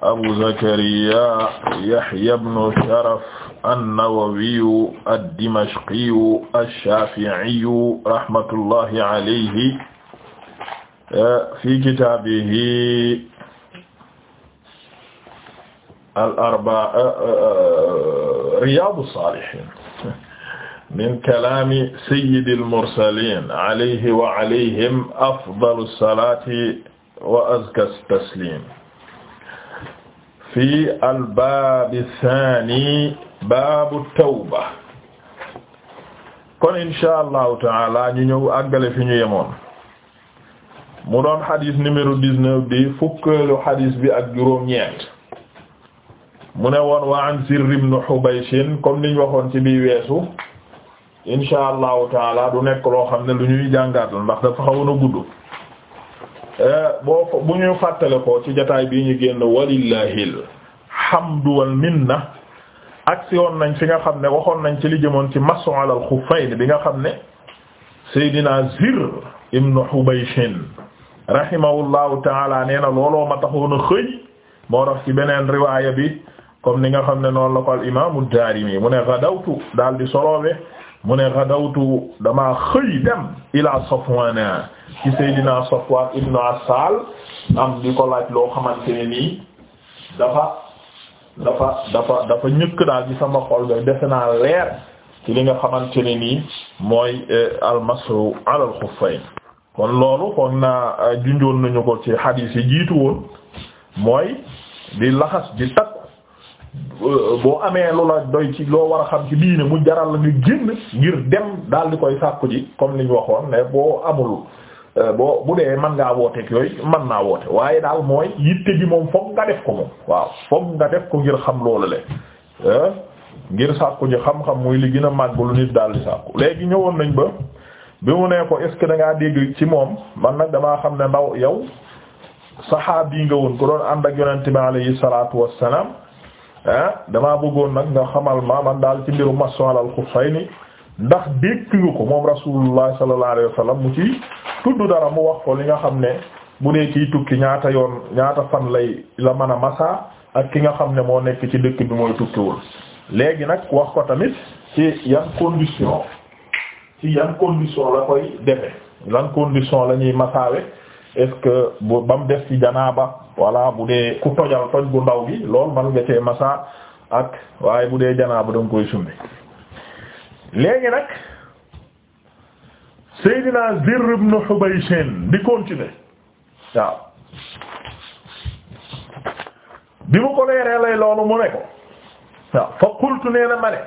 abu zakariya yahya ibnu sharaf annawawiyu addimashqiyu ash-shafi'iyu rahmatullahi alayhi fi kitaabihi al-arba riyaadu saalihiin min kalaami sayyidil mursaliin alayhi wa alayhim afdalu salaati wa azka tasliim fi albaabi saani baabu tawba kon insha allahu taala ñu ñëw àggale fi ñu yemoon mu doon xadis numéro dix bi fukkeelu xadis bi ak juróom-ñeent mu ne woon wa an Sirr ibn Hubaysh comme niñ waxoon ci biir weesu insha allahu taala du nekk loo xam ne lu ñuy jàngaat la ndax dafa xawoon a gudd boo bu ñu fàttale ko ci jataay bii ñu génn walillahil hamdu wal minna agsi woon nañ fi nga xam ne waxoon nañ ci li jëmoon ci masu alal xuffayn bi nga xam ne Seydina Zir ibnu Hubayshin rahimahullahu taala nee na looloo ma taxoon xëy moo tax ci beneen riwaaya bi comme ni nga xam ne noon la ko al imaamu Daarimi mu ne gadawtu daal di soloobe mu ne xadawtu damaa xëy dem ila Safwana ci Seydina Safwan ibn Assal am li ko laaj loo xamante ne nii dafa dafa dafa dafa ñëkk daal ci sama xool ba defe naa leer ci li nga xamante ne nii mooy eh, almasru ala alxuffayn kon loolu foog naa eh, junjoon nañu ko ci hadis yi jiitu woon mooy di laxas di takk boo amee lu la doy ci loo war a xam ci diine mu jaral la nga génn ngir dem daal di koy sàkku ji comme li ñu waxoon ne boo amul euh, boo bu dee mën ngaa wooteeg yooyu man naa woote waaye daal mooy yitte gi moom foog nga def ko moom waaw foog nga def ko ngir xam loolu le euh, ngir sàkku ji xam-xam muy li gën a màgg lu nit daal di sàkku léegi ñëwoon nañ ba bi mu nee ko est-ce dégg ci moom man nag damaa xam ne ndaw yow saxaabi nga woon ko doon ànd ak yonent bi alayhi ah damaa bëggoon nag nga xamal ma man daal ci mbiru maso alal xuffayni ndax dégg nga ko moom rasulullah sallallahu alayhi wasallam mu ci tudd dara mu wax ko li nga xam ne bu dee kiy tukki ñaata yoon ñaata fan lay la mën a masa ak ki nga xam ne moo nekk ci dëkk bi mooy tukkiwul léegi nag wax ko tamit ci yan condition ci yan condition la koy defe lan condition la ñuy masaawe est-ce que ba mu def janaaba walla bu dee ku tojal toj bu ndaw gi loolu man nga cee ak waaye bu dee janaaba da koy summi léegi nag Seydina Zirr ibn Hubaysh di continuer waaw bi mu ko leeree lay loolu mu ne ko waaw fa qultu nee ma ne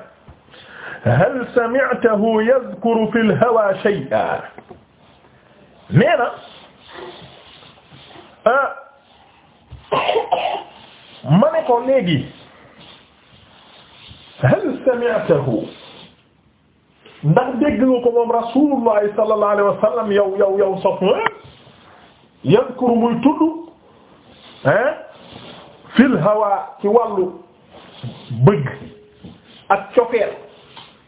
hal sami'tahu yadhkuru fil hawa shay'an nee Ah. ma ne ko léegi hal sami'tahu ndax dégg nga ko moom rasulullah sallallahu alayhi wa sallam yow yow yow Safwan yadhkuru muy tudd hein ah, fil hawa ci wàllu bëgg ak cofeel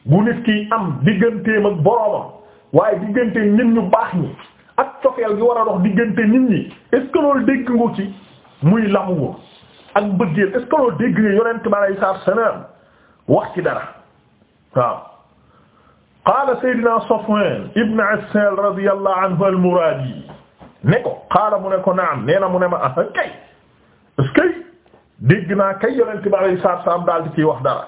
bu nit ki am digganteem ak boroomam waaye digganteem nit ñu baax ñi ak cofeel gi war a dox diggante nit ñi est-ce que loolu dégg ci muy lamu ak bëggeel est-ce que loolu dégg nga yonent ba lay wax ci dara waaw qaala Seydina Safwan ibn Assal radiyallahu anhu al-Muradi ne ko qaala mu ne ko naam nee mu ne ma ah kay est-ce que dégg naa kay yonent ba lay daal di ciy wax dara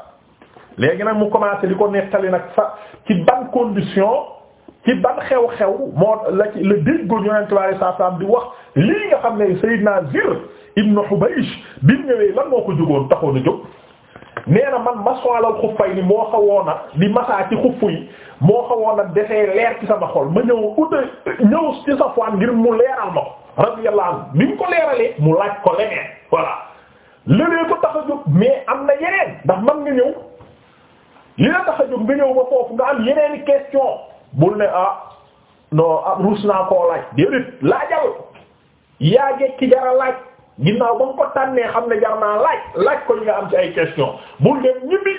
léegi nag mu commencé di ko nettali nag fa ci ban condition ci ban xew-xew moo la ci la déggoon yonent bi alayhi salaam di wax lii nga xam ne Seydina Zir ibn Hubaysh bi mu ñëwee lan moo ko jógoon taxoon a jóg nee na man masoalal xuffay yi moo xawoon a di masaa ci xuff yi moo xawoon a defee leer ci sama xol ma ñëw uta ñëw ci Safwaan ngir mu leeral ma ko radiyallahu anhu bi mu ko leeralee mu laaj ko leneen voilà leneen ko tax a jóg mais am na yeneen ndax man nga ñëw li la tax a jóg nga ñëw ba foofu nga am yeneeni question bul ne ah non ah ruus naa koo laaj déedéet laajal yaa gekki jara laaj ginnaaw ba nga xam ne jar naa laaj laaj ko nga am ci ay question bul dem ñibbi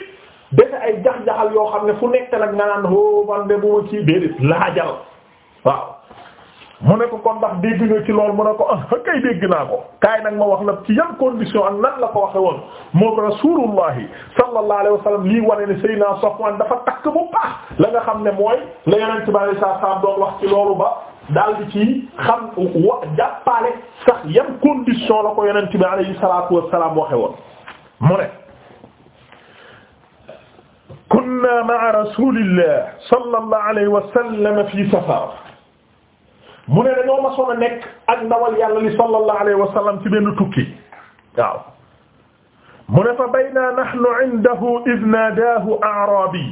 defe ay jax-jaxal yoo xam ne fu nekk nag nga naan ho oh, bu ma ci déedéet laajal waaw mu ne ko kon ndax dégg nga ci lool mu ne ko ah kay dégg naa ko kaay nag ma wax la ci yan condition ak nan la ko waxe woon moom rasulullahi sallallahu alayhi wa sallam lii wane ne Seydina Safwan dafa takk bu baax la nga xam ne mooy la yonent bi alayhi salaam doon wax ci loolu ba daal di ci xam wa jàppaale sax yan condition la ko yonent bi alayhi salaatu wa salaam waxe woon mu ne kunna ma'a rasulillah sallallahu alayhi wa sallam fi safar mu ne dañoo ma soon a nekk ak ndawal yàlla li sallallahu alayhi wa sallam ci benn tukki waaw mu ne fa bayna nahnu indahu id naadaahu a'rabi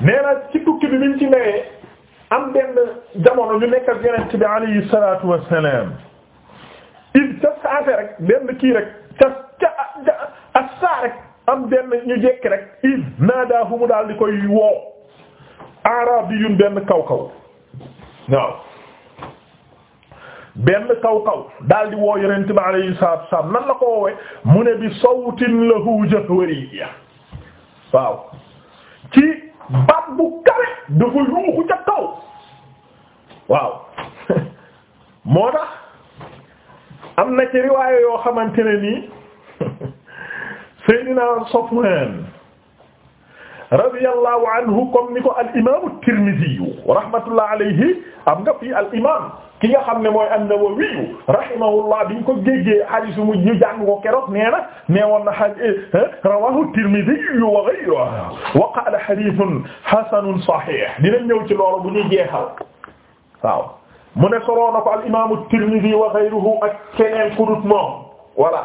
nee na ci tukki bi liñ ci newee am benn jamono ñu nekk ak yonent bi alayhi salaatu wa salaam id ca saate rek benn kii rek ca ca ak saa rek am benn ñu jekki rek id naadaahu mu daal di koy woo a'rabiyun benn kaw kaw waaw benn kaw kaw daal di woo yonent bi alayhi salaatu wa nan la ko woowee mu ne bi sawtin lahu jahwariyya waaw ci baat bu kawe dafa yuuxu ca kaw waaw moo tax am na ci riwaayo yoo xamante ne nii Seydina Safwan radiyallahu anhu comme ni ko al imaamu Tirmidhi rahmatullah alayhi am nga fi al imaam ki nga xam ne mooy an-Nawawi rahimahullah biñ ko géejee hadiis mu ñu jàng ko keroog nee na nee woon na eh, eh, rawahu Tirmidhi wa ghayruhu wa qaala hadiisun hasanun sahih dina ñëw ci loolu bu ñuy jeexal waaw mu ne soloo na ko al imaamu Tirmidhi wa ghayruhu ak keneen ku dut moom voilà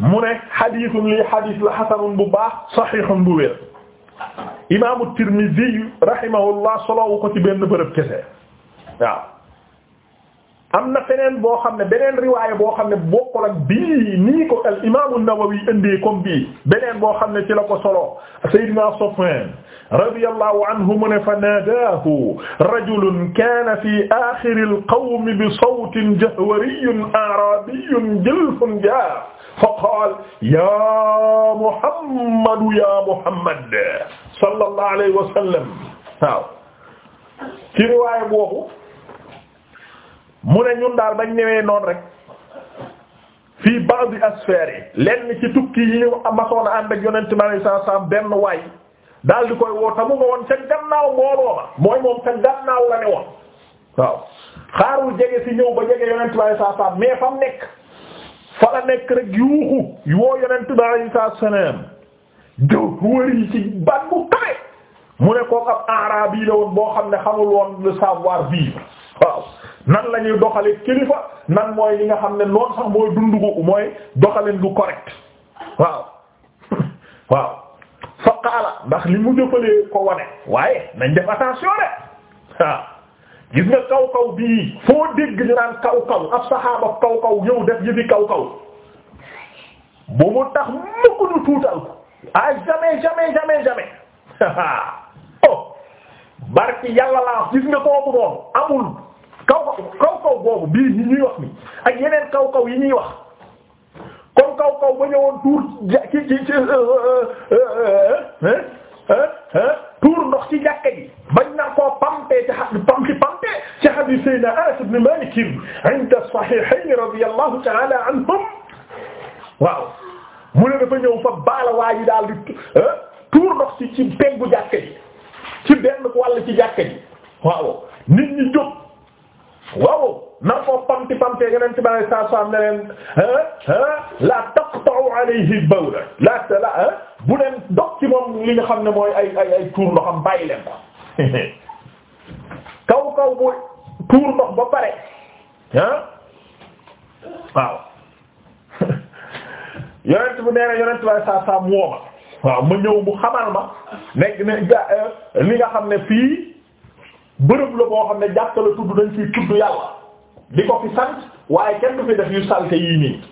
mu ne hadiisun lii hadiis la hasanun bu baax sahihun bu wér imaamu Tirmidhi rahimahullah solowu ko ci benn bërëb kese waaw am na feneen boo xam ne beneen riwaaya boo xam ne bokkul ak bii nii ko al imaamu Nawawi indee comme bii beneen boo xam ne ci la ko solo Seydina Safwan radiyallahu anhu mu ne fa naadaahu rajulun kaana fi aaxiril qawmi bi sawtin jahwariyyin aarabiyyun jilfun jaaf fa qaal yaa Muhammadu yaa Muhammad sallallahu alayhi wa waaw ci riwaaya boobu mu ne ñun daal bañ ñëwee noon rek fi ba'd asfaar yi lenn ci tukki yi ñu amasoon a ànd ak yonent mi alayhi salaam benn waay daal di koy woo tamu nga woon ca gannaaw mbooloo mooy moom ca gannaaw la ne woon waaw xaarul jege si ñëw ba jege yonent mi alayhi salaam mais fa nekk. fa la nekk rek yuuxu yoo yonent bi alayhi salaam doo wër ci ban bu kawe mu ne kooku ab araab yi la woon boo xam ne xamul woon le savoir vivre waaw nan la ñuy doxale kilifa nan mooy li nga xam ne noonu sax mooy dundu gu mooy doxalin gu correct waaw waaw fa qaala ndax li mu jëfalee ko wane waaye nañ def attention de waaw gis nga kaw kaw bii foo dégg ñu naan kaw kaw ab kaw kaw ñëw def yëfi kaw kaw bu mu tax mukk ñu tuutal ko ah jamais jamais jamais jamais oh barki yàlla laa gis nga kooku noonu amul kaw kaw kaw kaw boobu bii yi ñuy wax ni ak yeneen kaw kaw yi ñuy wax kaw kaw ba ñëwoon tuur ja ci ci ci euh, euh, euh, Maalik inda Sahihayn radiyallahu ta'ala anhum waaw mu ne dafa ñëw fa baala waa ji daal di eh, tuur ndox ci ci peggu jàkka ji ci benn wàll ci jàkka ji waaw nit ñi jóg waaw nar koo pamti pamte yeneen ci bari saa saa ne leen eh, eh, la taqta'u alayhi bawla la la bu leen dog ci moom li nga xam ne mooy ay ay ay tuur ndoxam bàyyi leen ko kaw kaw bu tuur ndox ba pare ah waaw yonent bu nee na yonent lay saa saa mu wooma waaw ma ñëw mu xamal ma nekk ne eh, li nga xam ne fii bërëb la boo xam ne jàkka la tudd dañ fiy tudd yàlla di ko fi sant waaye kenn du fi def yu salte yii nii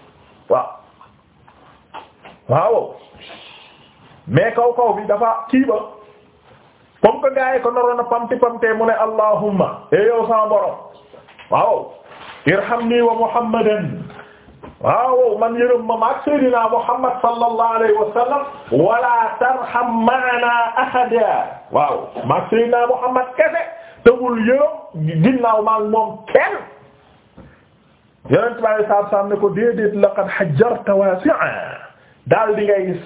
waaw waaw mais kaw kaw bi dafa kii ba comme que gaa yi ko naroon a pamti pamtee mu ne allahumma e yow sama borom waaw irhamni wa muhammadan waaw man yërëm ma maag Seydina Muhammad sallallahu alayhi wa sallam wala tarham maana ahada waaw maag Seydina Muhammad kese tawul yërëm ginnaaw maag moom kenn yonent bi alayhi salaatu salaam ne ko déedéet laqad hajjarta waasi'an daal di ngay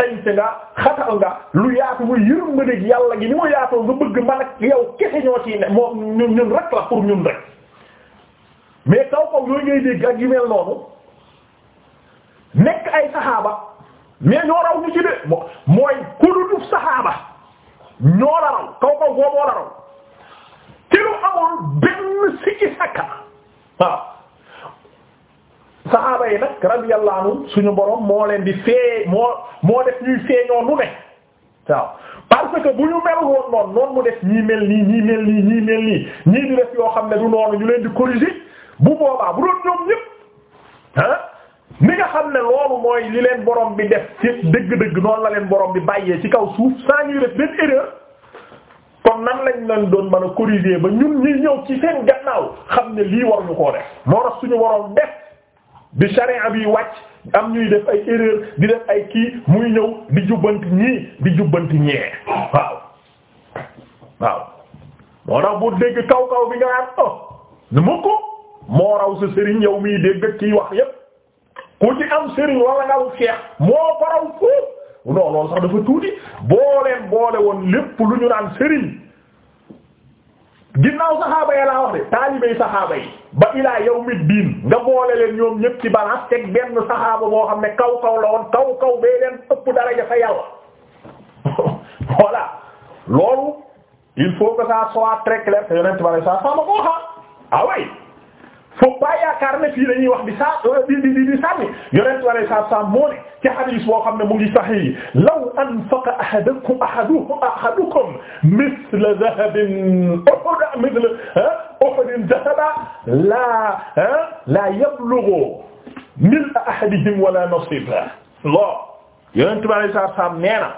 tënk nga xatal nga lu yaatu muy yërëm nga dégg yàlla gi ni mu yaatoo nga bëgg man ak yow kese ñoo ci ne moom ñun ñun rek la pour ñun rek. mais kaw kaw yooyu ngay dégg ak yu mel noonu nekk ay saxaaba mais ñoo raw ñu ci de mooy ku dutuf saxaaba ñoo raw kaw kaw boo moo la raw ci lu amul benn sikki sakka waaw saxaaba yi nag radiyallahu anhum suñu borom moo leen di fee moo moo def ñuy feeñoo nu ne waaw parce que bu ñu mel woon noonu noonu mu def ñii mel nii ñii mel nii ñii di def yoo xam ne du noonu ñu leen di corriger bu boobaa bu doon ñoom ñëpp ah ni nga xam ne loolu mooy li leen boroom bi def ci dëgg-dëgg noonu la leen boroom bi bàyyee ci kaw suuf saa ñuy def benn erreur kon nan lañ leen doon mën a corriger ba ñun ñuy ñëw ci seen gannaaw xam ne lii war ñu koo def moo tax suñu waroon def bi sharia bi wàcc am ñuy def ay erreur di def ay kii muy ñëw di jubbanti ñii di jubbanti ñee waaw waaw moo tax bu dégg kaw kaw bi nga naan oh nu moo raw sa sëriñ yow miy dégg ak kiy wax yépp ku ci am sëriñ wala nga am seex moo ko raw foofu non loolu sax dafa tuuti boo leen boole woon lépp lu ñu naan sëriñ ginnaaw saxaaba yi laa wax de taalibey saxaaba yi ba ilaa yawmi diin nga boole leen ñoom ñëpp ci balance teg benn saxaaba moo xam ne kaw kaw la woon kaw kaw bee leen ëpp daraja fa yàlla voilà loolu il faut que ça soit très clair yonent bale sa sama koo xam ah faut pas yaakaar ne fii lañuy wax di saa euh, di di di di sànni yonentu Yàlla saa saa moo ne ci hadis boo xam ne mu ngi sahih law anfaqa ahadukum ahadukum ahadukum mithla dhahabin Uhud mithla Uhudin dhahaban laa laa yablughu mil'a ahadihim wala nasiba Allah yonentu Yàlla saa saa nee na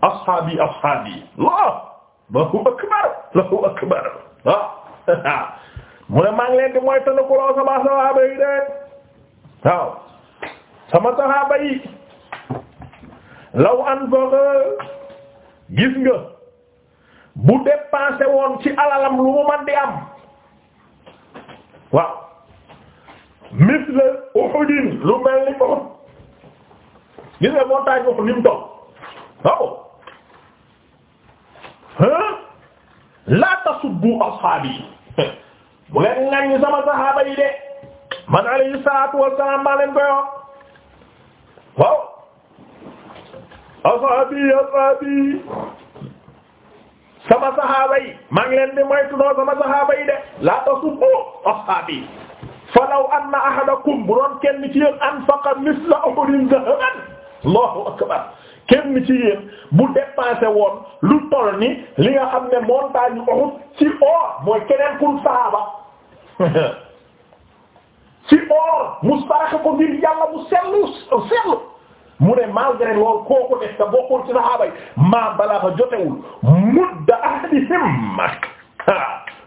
ashaabi ashaabi Allah Allahu akbar Allahu akbar mu ne maa ngi leen di mooy tënk kuloo sama de waaw sama sahaaba yi law an foog gis nga bu dépensé woon ci alalam lu mu man di am waaw misle Uhudin lu mel ni Uhud gis nga montagne Uhud ni mu toll waaw la bu leen ngañ sama saxaaba yi de man alayhi salaatu wassalaam maa leen koy wax asaabi asaabi sama saxaaba yi maa ngi leen di moytunoo sama saxaaba yi de laa tasubbu asaabi falaw anna ahadakum bu doon kenn ci yéen anfaqa misla uhudin zahaban allahu akbar kenn ci yéen bu dépensé woon lu toll ni li nga xam ne montagne Uhud ci or mooy keneen pour saxaaba ci or mustarax ko ngir yàlla bu sellu sellu mu ne malgré lool kooku def te bokkul ci saxaaba yi maa balaaxa jotewul mudda ahadihim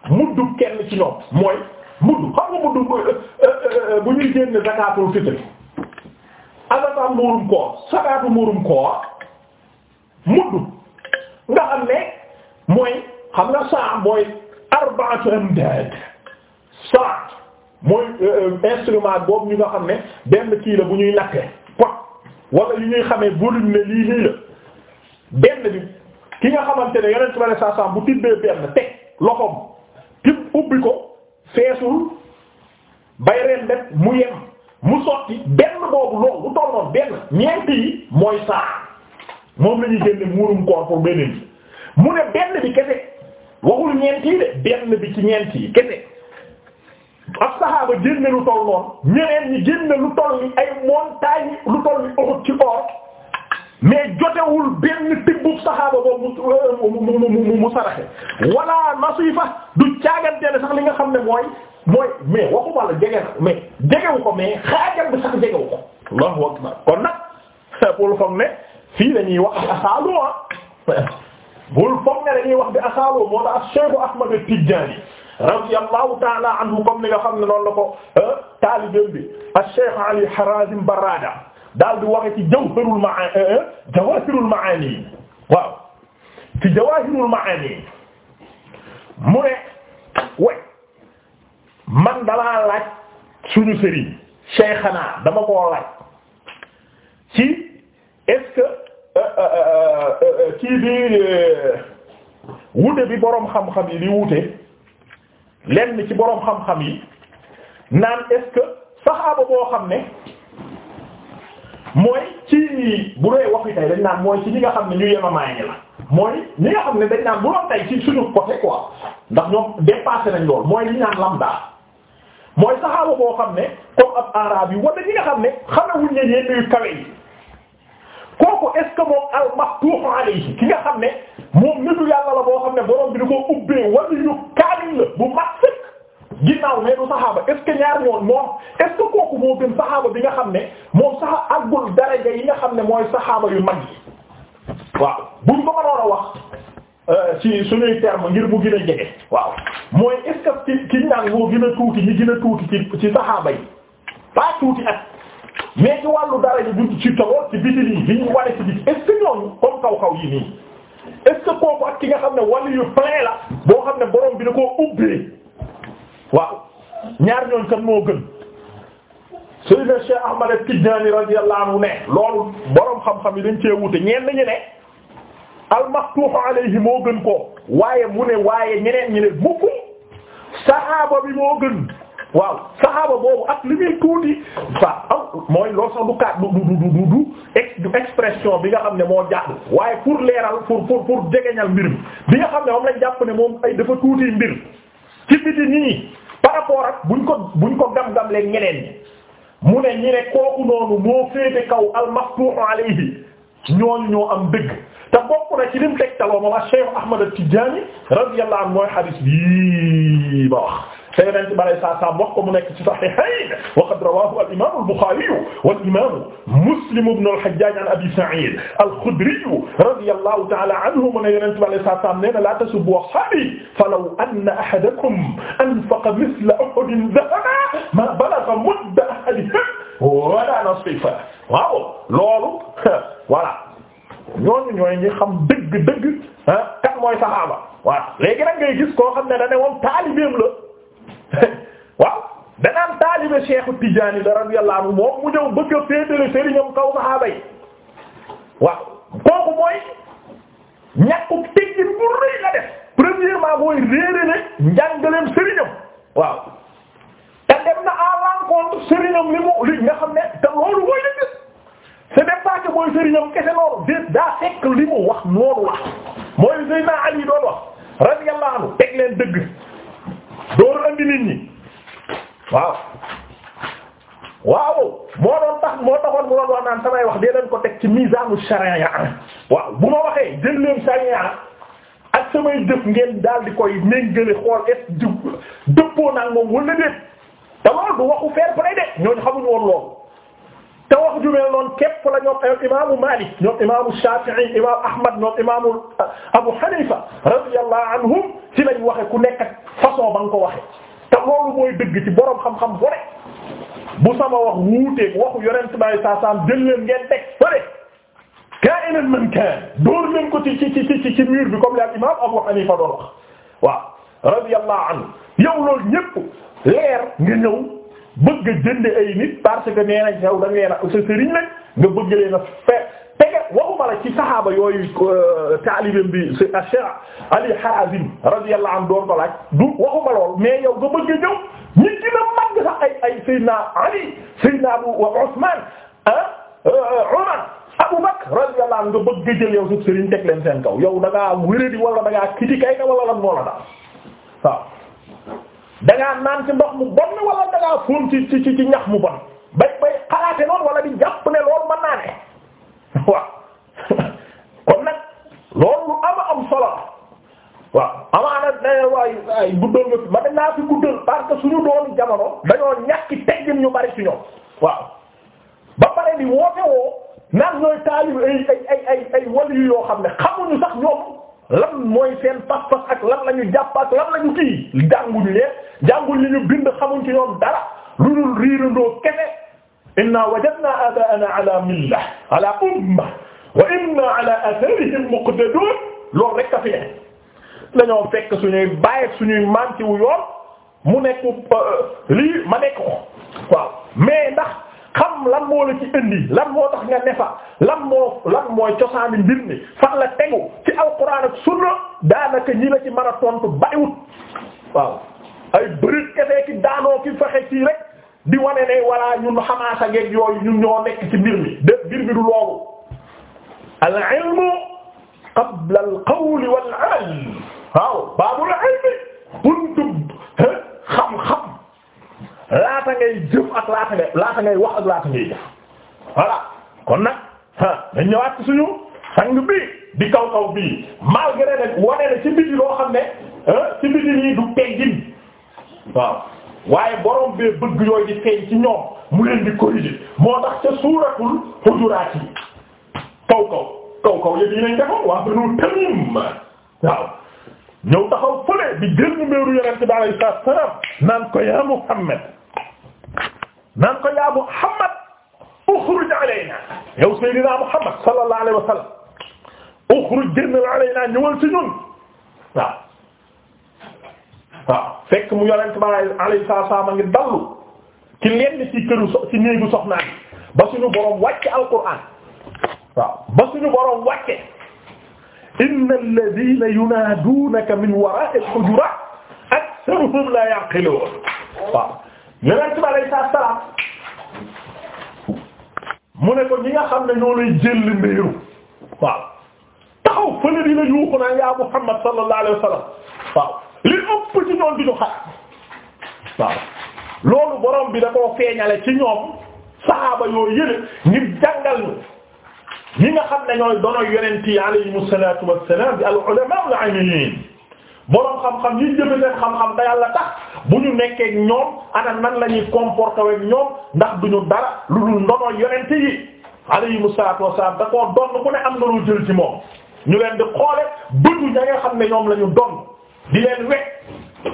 muddu kenn ci ñoom mooy muddu xam nga muddu euh, euh, euh, bu ñuy génn zakatul fitr azaka muurum koor zakatul muurum koor muddu nga xam ne mooy xam nga saa mooy arba'atu amdad solaat mooy euh, euh, instrument boobu ñu nga xam ne benn kii la bu ñuy natte pot wala yu ñuy xamee volume ne lii lii la benn bi ki nga xamante ne yeneen ci wàllu saa bu tibbee benn teg loxoom tib ubbi ko feesul bay ren def mu yem mu sotti benn boobu loolu bu toll benn ñeenti yi mooy saa moom lañuy ñuy génne muurum koor pour beneen mu ne benn bi kese waxul ñeenti de benn bi ci ñeenti yi kese. ab saxaaba génne lu toll noonu ñeneen ñi génne lu toll ni ay montagne lu toll ni Uhud ci or mais jotewul benn tibbub saxaaba boobu mu mu mu mu saraxe wala nasifa du caagante ne sax li nga xam ne mooy mooy mais waxu wala jege na mais jegewu ko mais xaajal bi sax jegewu ko Allahu akbar kon nag bul foog ne fii dañuy wax bi asaaloo ah. bul foog ne dañuy wax bi asaaloo moo tax Cheikh Ahmad Tidiane radiyallahu ta'ala anhu comme ni nga xam ne noonu la ko euh, taalibeem bi Cheikh Ali Harazim Barrada daal di waxe ci jawharul ma'ani euh, euh, jawahirul ma'ani waaw ci jawahirul ma'ani mu ne way man damaa laaj suñu sëriñ Cheikhana dama koo laaj ci est-ce que kii bi wute bi boroom xam-xam yi di wute lenn ci boroom xam-xam yi naan est-ce saxaaba boo xam ne mooy ci bu dee waxi tey dañ naan mooy ci ñi nga xam ne ñu yemamaay ñi la mooy ñi nga xam ne dañ naan bu doon tey ci suñu côté quoi ndax ñoom dépassé nañ lool mooy li naan lambda mooy saxaaba boo xam ne comme ab araab yi wala ñi nga xam ne xamewuñ ne kooku est-ce que moom al-maxtuufu alayhi ki nga xam ne moom nitu yàlla la boo xam ne borom bi da koo ubbee wala yu ñaar ñoon moom est ce que kooku moo gën bi nga xam ne moom sax àggul daraja yi nga xam ne mooy saxaaba yu mag yi waaw buñ ko mënoon a wax euh, ci suñuy terme ngir mu gën a jege waaw mooy est ce que ci ci ñaan moo gën a tuuti ñi gën a tuuti ci ci saxaaba yi pas tuuti ak mais ci wàllu daraja bu ci tawoo ci biti nii li ñu wane ci biti est ce que kaw-kaw yi nii est kooku ak ki nga xam ne wàllu yu plein boo xam ne borom bi da koo ubbee waaw. ñaar ñooñ kan moo gën Seydina Cheikh Ahmad Tijaani radiyallahu anhu ne loolu borom xam-xam yi dañ cee wute ñenn ñi ne al-maftuuhu alayhi moo gën ko waaye mu ne waaye ñeneen ñi ne saxaaba bi moo gën waaw saxaaba boobu ak li muy tuuti fa mooy loolu sax du kat du du du du expression bi nga xam ne moo jàpp waaye pour leeral pour pour pour jegeñal mbir mi bi nga xam ne moom lañ jàpp ne moom ay dafa tuuti mbir ci biti nii. par rapport ak buñ ko buñ ko gam-gam leen ñeneen ñi mu ne ñi ne kooku noonu moo féete kaw al-maftuuh alayhi ñooñu ñoo am dëgg te bokk na ci lim tegtaloo moom ak Cheikh Ahmad At-Tidjânî radiyallahu anhu mooy hadith bii ba wax. te yonent bi alayhi salaam wax ko mu nekk ci sahihayn wa qad rawahu al imam al bukhari wal imam muslim ibn al hajjaj an abi sa'id al khudri radiyallahu ta'ala anhu mu ne yonent bi alayhi salaam nee na la tasubbu ashabi falaw anna ahadakum anfaqa mithla uhudin dhahaban ma balagha mudda ahadihim wala nasifahu waaw loolu voilà ñooñu ñooy ñi xam dëgg dëgg ah kan mooy saxaaba waaw léegi nag ngay gis koo xam ne da ne woon taalibeem la waaw danaan taalibe Cheikhu Tijaani da radiyallahu moom mu ñëw bëgg a féetale sëriñam kaw saxaaba yi waaw kooku mooy ñàkku teggin bu rëy la def premièrement mooy réere ne njàngaleem sëriñam waaw te dem na à l'encontre sëriñam li mu li nga xam ne te loolu mooy la gis c'est mooy sëriñam kese loolu dé daa fekk li mu wax noonu la mooy Seydina Ali doon wax radiyallahu teg leen dëgg door andi nit ñi waaw waaw moo doon tax moo taxoon mu doon wax naan samay wax dee ko teg ci misaanu sharia waaw bu ma waxee jël leen sharia ak samay jëf ngeen daal di koy méngale xool est dëppoo naa moom wala déet te loolu du waxu fair play de ñooñu xamuñu woon loo te wax ju mel noonu képp la ñoom imaamu Malik ñoom imaamu Shafi'i imaamu Ahmad ñoom imaamu Abu Hanifa radiyallahu anhum ci lañ waxe ku nekk façon ba nga ko waxe te loolu mooy dëgg ci boroom xam-xam bu rek bu sama wax wuuteeg waxu yonent baay saa saam jël ka'inan man kaan dóor leen ko ci ci ci ci bi comme l'imam Abu Hanifa doon wax waaw radiyallahu anhu yow loolu ñépp leer nga ñëw. bëgg a jënd ay nit parce que nee nañ yow da ngeen a sa sëriñ nag nga bëgg leen a fe tege ci saxaaba yooyu euh, taalibeem bi si Cheikh Ali Harazim radiyallahu anhu doon ko du waxuma lool mais yow nga bëgg a ñëw ñi dina màgg sax ay ay Seydina Ali Seydina Abu Usman ah euh, Abu Bakr radiyallahu anhu nga bëgg yow sa sëriñ teg seen kaw yow da ngaa wéradi wala da ngaa kiti kay na wala lan moo la da naan ci ndox mu bon mi wala da ngaa ci ñax mu bon bay bay xalaate noonu wala di jàpp ne loolu mën naa waaw kon nag loolu lu ama am solo waaw amaana da waay ay guddal ma danaa fi guddal parce que suñu doon jamono dañoo ñàkki teggin ñu bari suñu waaw ba pare di woote woo naan ñooy taalib ay ay ay ay ay yoo xam ne xamuñu sax ñoom lan mooy seen pas-pas ak lan la ñu jàpp ak lan kii jànguñu leen li ñu bind xamuñ ci ñoom dara lu dul riirandoo kese inna wajadna abaana ala milla ala umma wa inna ala atharihim muqtadun loolu rek a fi dañoo fekk suñuy bàyyi suñuy maam ci wu yoon mu nekk euh, lii ma nekk ko waaw ndax xam lan moo la ci indi lan moo tax nga nefa lan moo lan mooy cosaani mbir la tegu ci alquran ak sunna daanaka ñi la ci mën a tontu bàyyiwut waaw ay bërit kese ki daanoo ki fexe ci rek di wane ne walla ñun xamaasa geeg yooyu ñun ñoo nekk ci mbir mi de mbir du loolu al ilmu qabla al wal amal waaw baabul ilmi buntu xam-xam laata ngay jëf ak laata ngay laata ngay wax ak laata ngay jëf voilà kon nag ah dañ ñëwaat ci suñu sang bii di kaw kaw bii malgré nag wane na ci biti loo xam ne ci biti nii du teggin waaw waaye borom bee bëgg yooyu di feeñ ci ñoom mu leen di corriger moo tax ca suuratul hujuraat yi kaw kaw kaw kaw yëpp yi nañ defoon waa banu tamim waaw. ñëw taxaw fële bi jël ñu mbéeru yonent bi alayhi salaatu wa salaam naan ko yaa Muhammad naan ko yaa Muhammad uxruj alaynaa yow Seydina Muhammad sallallahu alayhi wa sallam uxruj génnal alaynaa ñëwal ci ñun waaw waaw fekk mu yonent bi alayhi salaatu wa salaam a ngi dallu ci lenn ci këru so ci néegu soxnaan ba suñu boroom wàcce alquraan waaw ba suñu boroom wàcce inna alladhina yunaaduunaka min waraa'i al-hujuraat aktharuhum laa ya'qiluun waaw yonent bi alayhi salaam mu ne ko ñi nga xam ne ñoo lay jël mbiru waaw taxaw fële di la yuuxu naan yaa Muhammad sallallahu alayhi wa sallam waaw li ëpp ci ñoom di ñu xat waaw loolu borom bi da koo feeñale ci ñoom saxaaba yoo yële ngir jàngal ñu ñi nga xam ne ñooy dono yonent yi alayhimu salaatu wassalaam bi al-ulamaa'ul aamiliin boroom xam-xam yi jëfe seen xam-xam da yàlla tax bu ñu nekkee ñoom ana nan la ñuy comporté ak ñoom ndax du duñu dara lu dul ndono yonent yi alayhimu salaatu wassalaam da koo doon ku ne am na lu jël ci moom ñu leen di xoole bëtu ña nga xam ne ñoom lañu ñu doon di leen wekk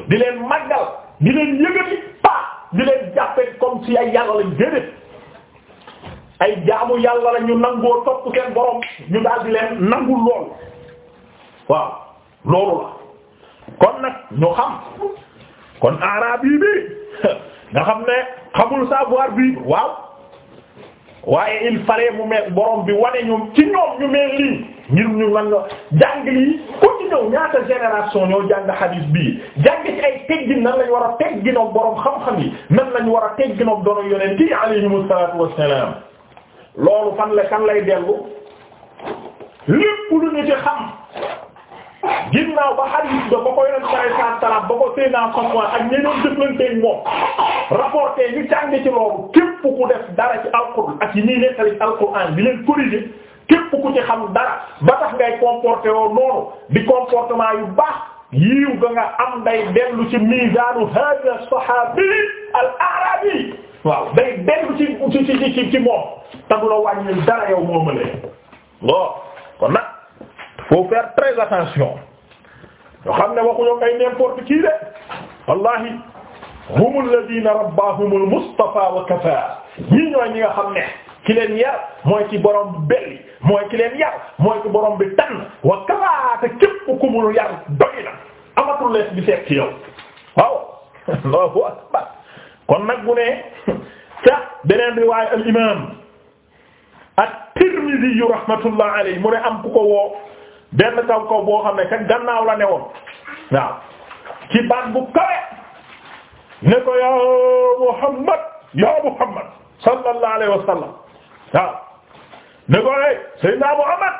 di leen màggal di leen yëgati pa di leen jàppe comme si ay yàlla lañ déedéet ay jaamu yàlla la ñu nangoo topp seen borom ñu daal di leen nangul lool waaw loolu la kon nag ñu xam kon araab yi bi nga xam ne xamul savoir bi waaw waaye il fallait mu mel borom bi wane ñu ci ñoom ñu mel lii ngir ñu mën a jàng lii ku ñëw ñaata génération ñoo jàng hadith bii jàng ci ay teggin nan lañu war a tegginoog borom xam-xam yi nan lañu war a tegginoog doon yonent yi alayhimu salaatu wassalaam loolu fan la kan lay dellu lépp lu ñu ci xam ginnaaw ba xarit ba ba ko yonent bi sallallahu alayhi ba ko Seydina Safwan ak ñi doon jëflanteeg moom rapporté ñu jàng ci loolu képp ku def dara ci alxuraan ak yi ñuy nettali alxuraan di leen corriger képp ku ci xam dara ba tax ngay comporté woo di comportement yu baax yiiw ga nga am day dellu ci miizaanu haaza saxaabi al-a'raabi waaw day dellu ci ci ci moom te du la wàññi dara yow moomale bon kon nag faut faire très attention yoo xam ne waxuñu ay n'importe qui de wallahi humul ladina rabbahumul mustafa wa kafa ñii ñooy ñi nga xam ne ki leen mooy ci borom bi belli mooy ki leen yar mooy ci borom bi wa kafa te képp ku amatul lees bi seet ci yow waaw Allahu kon nag bu ne ca beneen riwaay al imaam at-Tirmidhi yu rahmatullah alayhi mu ne am ku ko woo benn kaw kaw boo xam ne ca gannaaw la newoon waaw ci baat bu kawe ne ko ya Muhammad ya Muhammad sallallahu alayhi wa sallam waaw ne ko ay eh, Seydina Muhammad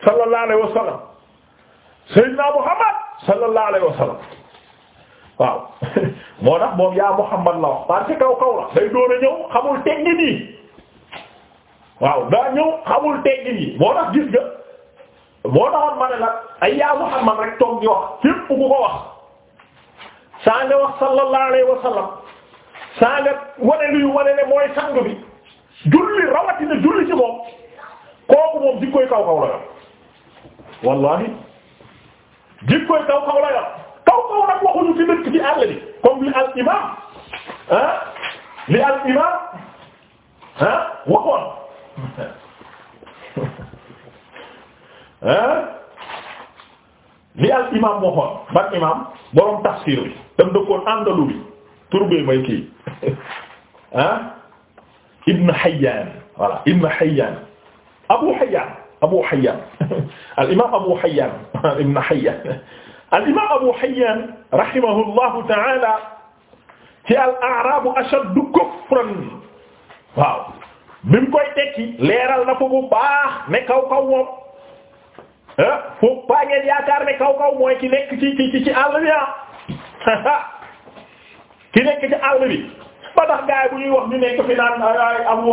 sallallahu alayhi wa sallam Seydina Muhammad sallallahu alayhi wa sallam waaw moo tax moom yaa Muhammad la wax parce que kaw kaw la day doon a ñëw xamul teggin yi moo tax gis nga moo taxoon ma ne la ay yaa Muhammad rek toog di wax képp ko wax saa nga wax sallallahu alayhi wa sallam saa mooy sang bi julli rawatina julli ci moom kooku moom jikkooy kaw kaw la yor wallahi jikkooy kaw kaw la yor ñooñu fi dëkk ci àll bi comme li al imam ah li al imam ah waxoon ah li al imam waxoon ban imam borom tafsir bi tam dëkkoon àndalu bi turbee may kii ah Ibn Hayyan voilà Ibn Hayyan Abu Hayyan Abu Hayyan al imam Abu Hayyan Ibn Hayyan al imam Abu Hayyan rahimahullahu ta'ala ci al a'rabu ashaddu kufran waaw bi koy tekki leeral na ko bu baax ne kaw kaw moom ah eh, foofu baa ngeen ne kaw kaw mooy ki nekk ci ci ci àll ah. ki nekk ci àll bi ba tax gaay bu ñuy wax ñu nekk fi naan ay am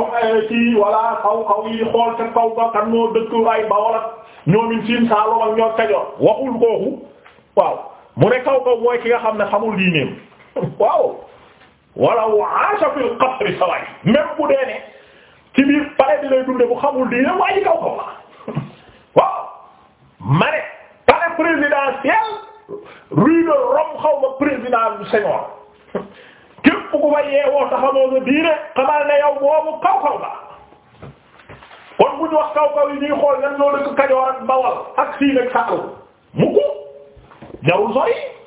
ci walla kaw kaw yi xool te ba kan moo dëkk ay ba wala ñoomin siin Saalum ak ñoom Kajoor boobu mooy ki nga xam ne xamul diineem waaw wala aasha fil qabri saway même bu dee ne ci pare bi lay dunde bu xamul diineem waa ji kaw kaw la waaw ma ne palais présidentiel rue de Rome xaw ma président Senghor képp ku fa yeewoo taxamoo sa diine xamal ne yow boobu kaw kaw la kon bu ñu kaw kaw yi ñuy xool nan ñoo dëkk Kajoor ak Bawol ak Siin ak mu ko jarul sori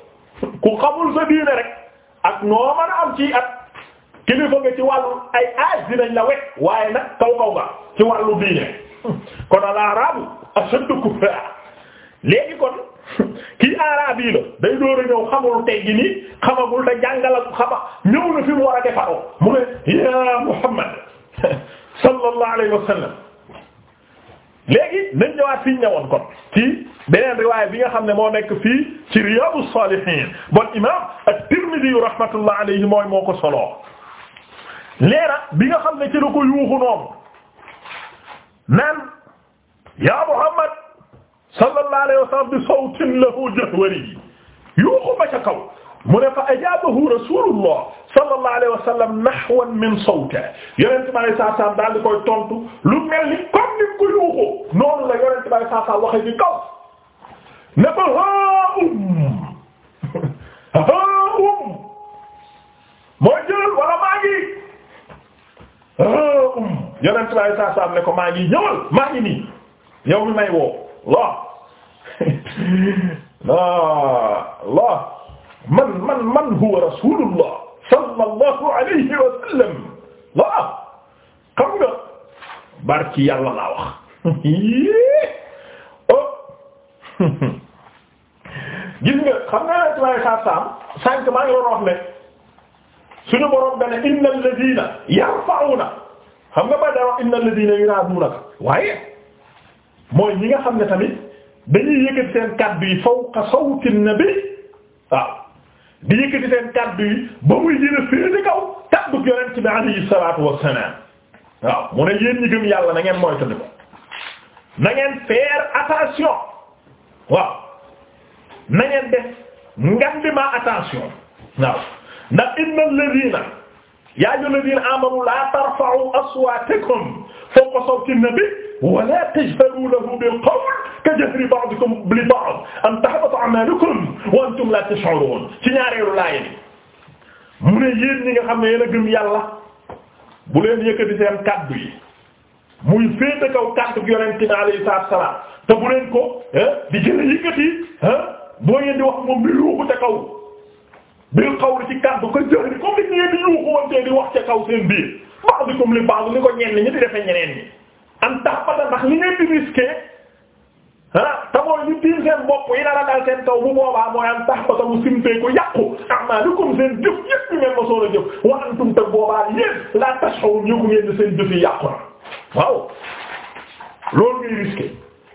ku xamul sa diine rek ak noo am ci at kilifa nga ci wàllu ay âge dinañ la wet waaye nag kaw kaw nga ci wàllu diine kon al arabu ashaddu kufra léegi kon kii arab yi la day door a ñëw xamul teggi nii xamagul te jàngala xama ñëw na fi mu war a defaroo mu ne ya Muhammad sallallahu alayhi wa sallam léegi nañ ñëwaat fiñ ñëwoon ci beneen riwaaya bi nga xam ne moo nekk fii ci Riyadou Salihine bon imaam at-Tirmidhi rahmatullah alayhi mooy moo ko solo leena bi nga xam ne ci la ko yuuxu noonu naan ya Muhammad sallallahu alayhi wa sallam bi sawtin lahu jahwari yuuxu ba ca kaw mu ne fa ajaabahu rasulullah sallallahu alayhi wa sallam nahwan min sawtihi yonent bi alayhi salaatu salaam daal di koy tontu lu mel ni comme ni ko yuuxoo noonu la yonent bi alayhi salaatu salaam waxee ci kaw ne ko haa um haa um moo jël wala maa ngi haa um yonent bi alayhi salaatu salaam ne ko maa ngi ñëwal maa ngi nii yow mi may woo loo loo loo man man man huwa rasulullah sallallahu alayhi wa sallam waaw xam nga barki yàlla laa wax oh gis nga xam nga ne tubaab yi saa saam sànq maa ngi doon wax ne suñu borom da ne innal ladina yarfa'una xam nga ba da wax innal ladina yunaadunaka waaye mooy ñi nga xam ne tamit dañuy yëkkati seen kàddu yi fawqa sawti nabi waaw. di yëkkati seen kaddu yi ba muy gën a féete kaw kaddu yonent bi alayhi salaatu wassalaam waaw mu ne yéen ñi gëm yàlla nangeen ngeen moytandi ko na ngeen faire attention waaw na ngeen def ngandima attention waaw ndax innal ladina yaa ayyuhal ladina amanu la tarfa'u aswatakum fawqa sawti nabi wala tajharu lahu bil qawl ka jahri ba'dikum li ba'd an tahbata a'malukum wa antum la tash'urun ci ñaareelu laay bi mu ne yéen ñi nga xam ne yéen a gëm yàlla bu leen yëkkati seen kaddu yi muy féete kaw kaddu gi yonent bi alayhi te bu leen ko eh, di gën a yëkkati eh, boo yéen di wax moom li yuuxu te kaw bil qawl ci kaddu ko jahri comme ni ngeen di yuuxu wante wax ca kaw seen biir ba'dikum li ba'd ni ko ñenn ñi di defee ñeneen ñi. an taxbata ndax li ngeen di risqué ah te mooy ñu tiim yi dara dal seen taw bu boobaa mooy an taxbata mu simtee ko yàqu amalukum seen jëf yëpp ñu ngeen mosoon a jëf wa antum te boobaa yéen la tash'urun yëgu ngeen di seen na waaw loolu ngay risqué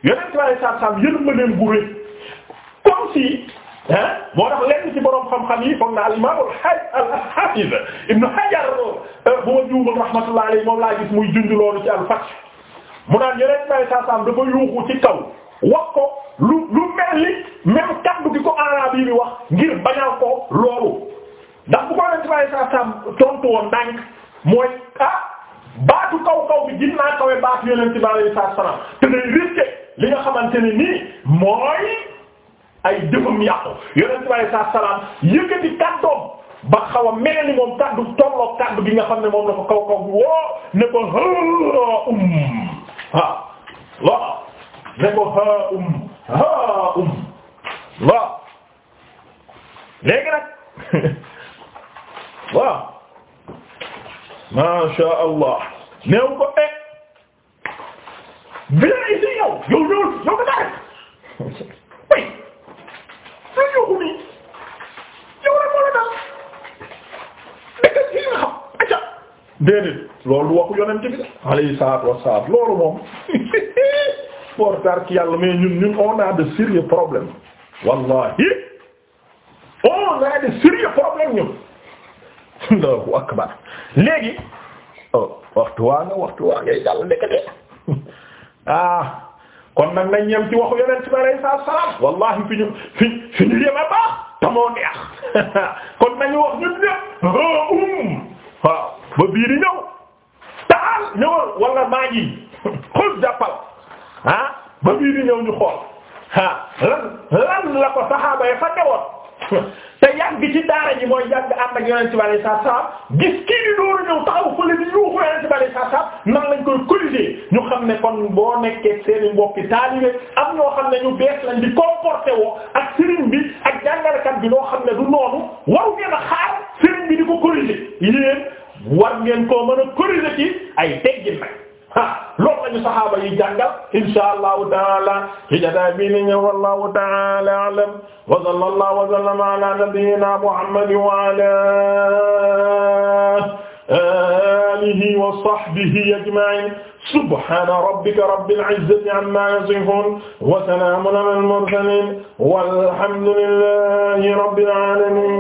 yeneen ci wàllu saabsaab yëpp ma leen guuree comme si ah moo tax lenn ci borom xam yi foog naa al-imaam al-haafiz ibn Hajar ah, bu ma juumal rahmatullahi alayhi moom laa gis muy loolu ci al-Fath mu naan yeneen may saasaam dafa yuuxu ci kaw wax ko lu lu mel ni même kaddu gi ko araab yi wax ngir bañal ko loolu ndax bu ko yeneen may saasaam tontu woon ndànk mooy ah, kaw kaw bi gis naa kawe baatu yeneen ci baalu li nga xamante ne nii mooy ay jëfam yàqu yeneen ci baalu saasaam yëkkati kàddoom. ba xaw a mel ni moom kaddu tolloo kaddu gi nga xam ne moom la ko kaw kaw woo ne ko um. waaw waaw ne ko haa um haa um waaw ma sha Allah neew ko e viens yow yow ñëwul yow ko dara ay lu yóku nii yow rek moo la dal dëkk ci déedéet loolu waxu yonent bi alayhi salaatu wassalaam loolu moom portar ki yàlla mais ñun on a de sérieux problèmes wallahi on a de sérieux problèmes ñun Allahu akbar léegi oh, waxtu waa waxtu waa ngay jàll ndekete ah kon nag nañ yem ci waxu yonent bi alayhi salaatu wassalaam wallahi fi ñu fi fi ñu yem a baax tamoo neex kon nañu wax ñun ñëpp ha um ba bii di ñëw taal ñëwal wala maa ngi xul jàppal ah ba bii di ñëw ñu xool ah lan la ko saxaaba yi fa teewoon te yàgg ci daara ji mooy yàgg ànd ak yonent bi alayhi gis kii di dooru ñëw taxaw fële di yuuxu yonent bi alayhi salaatu salaam nan lañ koy corriger ñu xam ne kon boo nekkee seeni mbokki taalibe am ñoo xam ne ñu bees lañ di comporté woo ak sëriñ bi ak jàngalekat bi loo xam ne du noonu waru ngeen a xaar bi di ko corriger yéen war ngeen koo mën a corriger ci ay teggin nag ah loolu lañu saxaaba yi jàngal insha allahu taala ci jotaay bii ni ñëw wallahu taala alam wa sallallahu wa sallama ala nabiyyina muhammad wa ala alihi wa sahbihi ajma'in subhana rabbika rabbil izzati amma yasifun wa salamun alal mursalin walhamdulillahi rabbil alamin